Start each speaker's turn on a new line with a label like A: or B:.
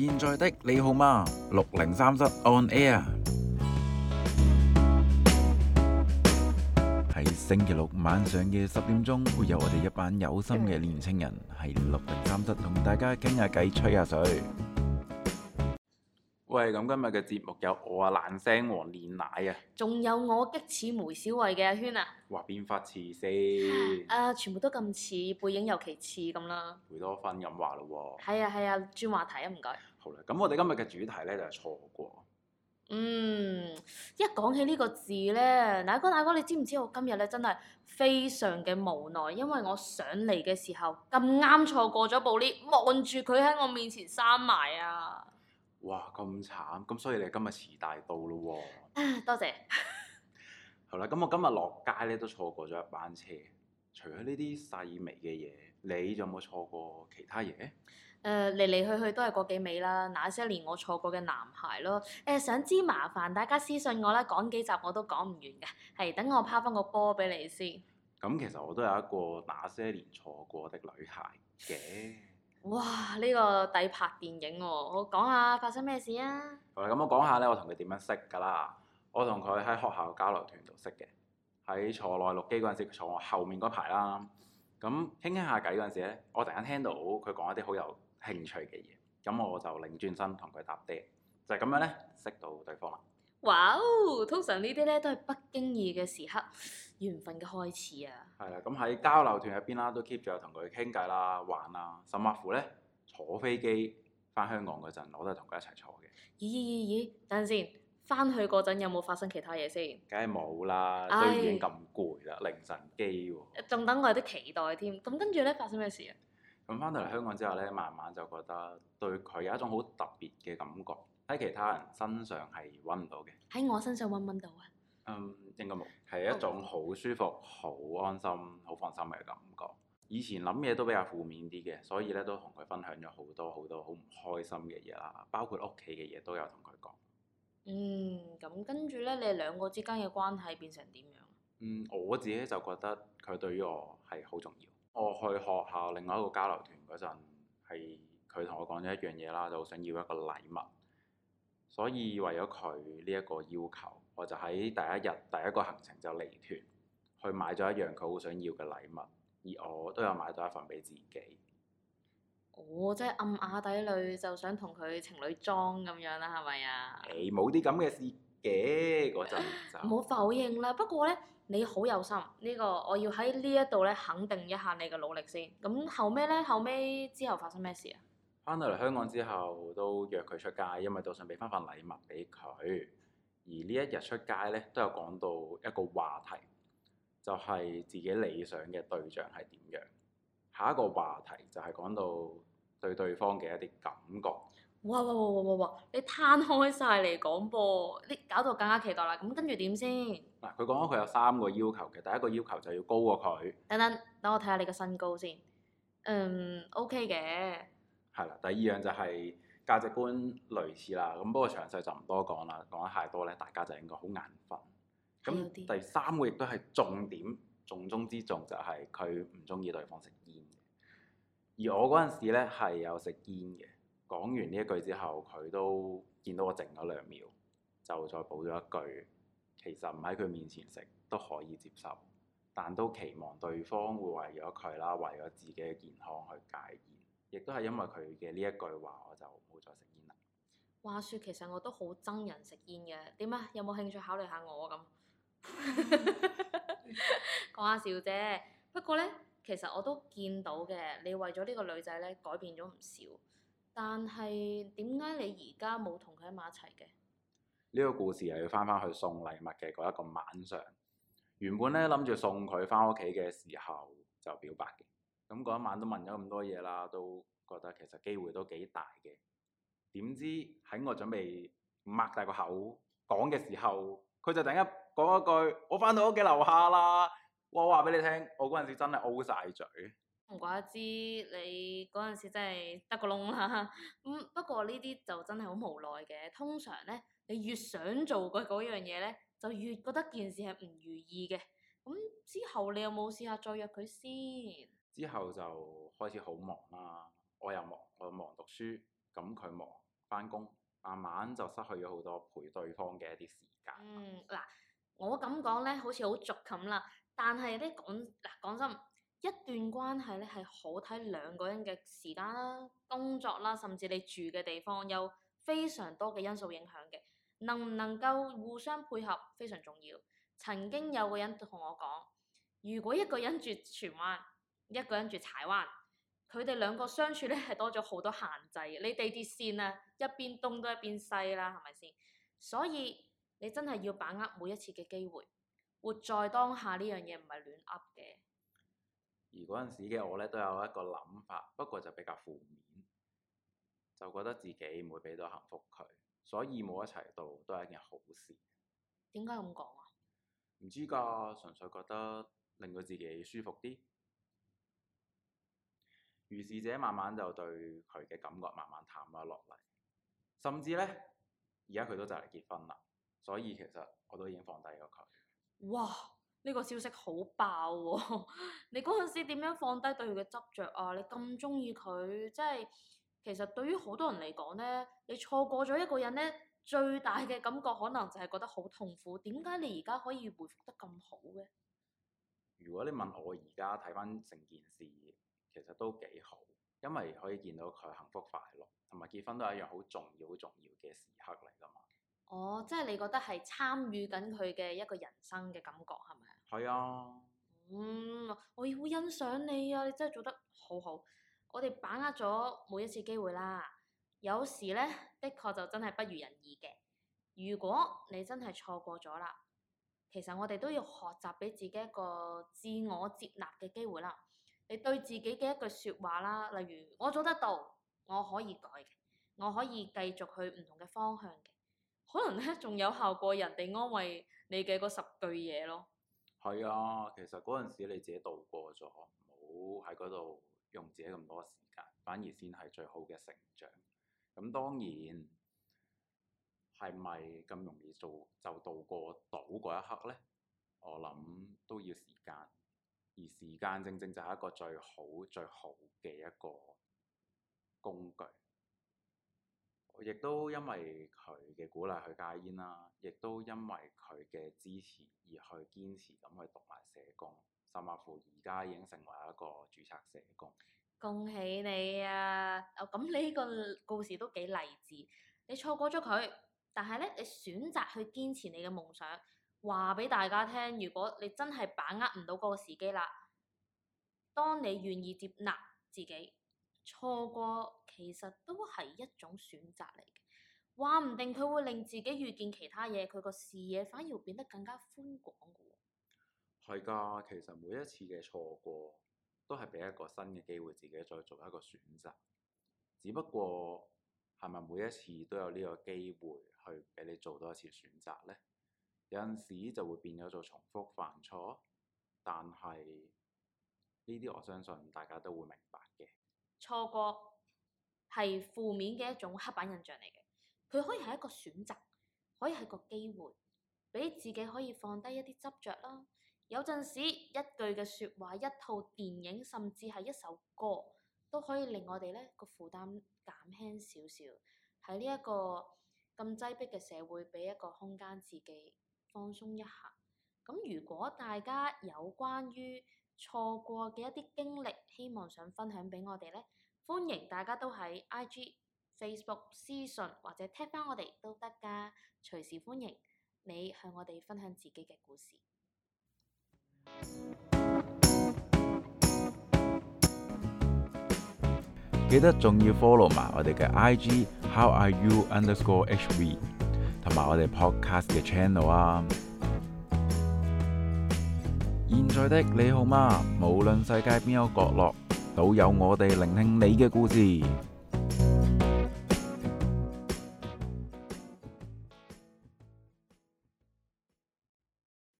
A: 現在的你好嗎？六零三室 on air，喺 星期六晚上嘅十點鐘，會有我哋一班有心嘅年青人喺六零三室同大家傾下偈、吹下水。喂，咁今日嘅節目有我啊爛聲王練奶啊，
B: 仲有我激似梅小慧嘅阿、啊、軒啊，
A: 話變法似先，誒、
B: 啊，全部都咁似，背影尤其似咁啦，
A: 貝多芬咁話咯喎、啊，
B: 係啊係啊，轉話題啊，唔該。好啦，
A: 咁我哋今日嘅主題咧就係、是、錯過。嗯，
B: 一講起呢個字咧，大哥大哥，你知唔知我今日咧真係非常嘅無奈，因為我上嚟嘅時候咁啱錯過咗部 lift，望住佢喺我面前閂埋啊！
A: 哇，咁慘，咁所以你今日遲大到咯喎、
B: 啊？多謝。
A: 好啦，咁我今日落街咧都錯過咗一班車，除咗呢啲細微嘅嘢，你有冇錯過其他嘢？
B: 誒、呃，嚟嚟去去都係嗰幾味啦，《那些年我錯過嘅男孩》咯。誒、呃，想知麻煩大家私信我啦，講幾集我都講唔完嘅。係，等我拋翻個波俾你先。
A: 咁、嗯、其實我都有一個那些年錯過的女孩嘅。
B: 哇！呢個底拍電影喎，我講下發生咩事
A: 啊？咁我講下咧，我同佢點樣識噶啦？我同佢喺學校交流團度識嘅，喺坐內陸機嗰陣時，坐我後面嗰排啦。咁傾傾下偈嗰陣時咧，我突然間聽到佢講一啲好有興趣嘅嘢，咁我就擰轉身同佢搭爹，就係咁樣咧識到對方啦。
B: 哇、wow, 通常呢啲咧都係不經意嘅時刻，緣分嘅開始啊！
A: 係啦，咁喺交流團入邊啦，都 keep 住同佢傾偈啦、玩啦。甚至乎咧坐飛機翻香港嗰陣，我都係同佢一齊坐嘅。
B: 咦咦咦！等陣先，翻去嗰陣有冇發生其他嘢先？梗
A: 係冇啦，已經咁攰啦，唉凌晨機喎、啊。
B: 仲等我有啲期待添。咁跟住咧，發生咩事啊？
A: 咁翻到嚟香港之後咧，慢慢就覺得對佢有一種好特別嘅感覺。喺其他人身上係揾唔到嘅，
B: 喺我身上揾唔到啊！嗯，
A: 應該冇係一種好舒服、好安心、好放心嘅感覺。以前諗嘢都比較負面啲嘅，所以咧都同佢分享咗好多好多好唔開心嘅嘢啦，包括屋企嘅嘢都有同佢講。
B: 嗯，咁跟住咧，你哋兩個之間嘅關係變成點樣？
A: 嗯，我自己就覺得佢對於我係好重要。我去學校另外一個交流團嗰陣，係佢同我講咗一樣嘢啦，就好想要一個禮物。所以為咗佢呢一個要求，我就喺第一日第一個行程就離團，去買咗一樣佢好想要嘅禮物，而我都有買咗一份俾自己。
B: 我、哦、即係暗啞底裏就想同佢情侶裝咁樣啦，係咪啊？
A: 誒，冇啲咁嘅事嘅嗰陣就。唔好
B: 否認啦，不過咧，你好有心呢、這個，我要喺呢一度咧肯定一下你嘅努力先。咁後尾咧，後尾之後發生咩事啊？
A: 翻到嚟香港之後，都約佢出街，因為都想俾翻份禮物俾佢。而呢一日出街咧，都有講到一個話題，就係自己理想嘅對象係點樣。下一個話題就係講到對對方嘅一啲感覺。
B: 哇哇哇哇哇！你攤開晒嚟講噃，你搞到我更加期待啦！咁跟住點先？
A: 嗱，佢講咗佢有三個要求嘅，第一個要求就要高過佢。
B: 等等，等我睇下你嘅身高先。嗯，OK 嘅。
A: 係啦，第二樣就係價值觀類似啦，咁不過詳細就唔多講啦，講得太多咧，大家就應該好眼瞓。咁第三個亦都係重點，重中之重就係佢唔中意對方食煙，而我嗰陣時咧係有食煙嘅。講完呢一句之後，佢都見到我靜咗兩秒，就再補咗一句：其實唔喺佢面前食都可以接受，但都期望對方會為咗佢啦，為咗自己嘅健康去戒煙。亦都係因為佢嘅呢一句話，我就冇再食煙啦。
B: 話說其實我都好憎人食煙嘅，點啊？有冇興趣考慮下我，咁講下笑啫。不過呢，其實我都見到嘅，你為咗呢個女仔呢，改變咗唔少。但係點解你而家冇同佢喺埋一齊嘅？
A: 呢個故事又要翻返去送禮物嘅嗰一個晚上。原本呢，諗住送佢返屋企嘅時候就表白嘅。咁嗰一晚都問咗咁多嘢啦，都覺得其實機會都幾大嘅。點知喺我準備擘大個口講嘅時候，佢就突然間講一句：我翻到屋企樓下啦！我話俾你聽，我嗰陣時真係 O 曬嘴。
B: 唔怪之，你嗰陣時真係得個窿啦。咁不過呢啲就真係好無奈嘅。通常咧，你越想做個嗰樣嘢咧，就越覺得件事係唔如意嘅。咁之後你有冇試下再約佢先？
A: 之後就開始好忙啦，啊，我又忙，我忙讀書，咁佢忙返工，慢慢就失去咗好多陪對方嘅一啲時
B: 間。嗯，嗱，我咁講咧，好似好俗咁啦，但係咧講嗱講真，一段關係咧係好睇兩個人嘅時間啦、工作啦，甚至你住嘅地方有非常多嘅因素影響嘅，能唔能夠互相配合非常重要。曾經有個人同我講，如果一個人住荃灣，一個人住柴灣，佢哋兩個相處咧係多咗好多限制。你地鐵線啊，一邊東都一邊西啦，係咪先？所以你真係要把握每一次嘅機會，活在當下呢樣嘢唔係亂噏嘅。
A: 而嗰陣時嘅我咧都有一個諗法，不過就比較負面，就覺得自己唔會俾到幸福佢，所以冇一齊到都係一件好事。
B: 點解咁講啊？
A: 唔知㗎，純粹覺得令到自己舒服啲。如是者慢慢就對佢嘅感覺慢慢淡咗落嚟，甚至咧，而家佢都就嚟結婚啦。所以其實我都已經放低咗佢。
B: 哇！呢個消息好爆喎！哦！ 你嗰陣時點樣放低對佢嘅執着啊？你咁中意佢，即係其實對於好多人嚟講咧，你錯過咗一個人咧，最大嘅感覺可能就係覺得好痛苦。點解你而家可以回復得咁好嘅？
A: 如果你問我而家睇返成件事？其實都幾好，因為可以見到佢幸福快樂，同埋結婚都係一樣好重要、好重要嘅時刻嚟㗎嘛。
B: 哦，即係你覺得係參與緊佢嘅一個人生嘅感覺係咪啊？係啊。嗯，我好欣賞你啊！你真係做得好好。我哋把握咗每一次機會啦。有時咧，的確就真係不如人意嘅。如果你真係錯過咗啦，其實我哋都要學習俾自己一個自我接納嘅機會啦。你對自己嘅一句説話啦，例如我做得到，我可以改嘅，我可以繼續去唔同嘅方向嘅，可能咧仲有效過人哋安慰你嘅嗰十句嘢咯。
A: 係啊，其實嗰陣時你自己度過咗，冇喺嗰度用自己咁多時間，反而先係最好嘅成長。咁當然係咪咁容易做就，就度過到嗰一刻咧？我諗都要時間。而時間正正就係一個最好最好嘅一個工具。我亦都因為佢嘅鼓勵去戒煙啦，亦都因為佢嘅支持而去堅持咁去讀埋社工，甚至乎而家已經成為一個註冊社工。
B: 恭喜你啊！咁、哦、你呢個故事都幾勵志。你錯過咗佢，但係咧，你選擇去堅持你嘅夢想。話俾大家聽，如果你真係把握唔到嗰個時機啦，當你願意接納自己，錯過其實都係一種選擇嚟嘅，話唔定佢會令自己遇見其他嘢，佢個視野反而會變得更加寬廣。
A: 係噶，其實每一次嘅錯過，都係俾一個新嘅機會自己再做一個選擇。只不過係咪每一次都有呢個機會去俾你做多一次選擇呢？有陣時就會變咗做重複犯錯，但係呢啲我相信大家都會明白嘅。
B: 錯過係負面嘅一種刻板印象嚟嘅，佢可以係一個選擇，可以係個機會，俾自己可以放低一啲執着啦。有陣時一句嘅説話、一套電影，甚至係一首歌，都可以令我哋呢個負擔減輕少少。喺呢一個咁擠迫嘅社會，俾一個空間自己。放鬆一下，咁如果大家有關於錯過嘅一啲經歷，希望想分享俾我哋咧，歡迎大家都喺 IG、Facebook 私信或者 tap 翻我哋都得㗎，隨時歡迎你向我哋分享自己嘅故事。
A: 記得仲要 follow 埋我哋嘅 IG，How are you underscore hv。我哋 podcast 嘅 channel 啊！現在的你好嗎？無論世界邊個角落，都有我哋聆聽你嘅故事。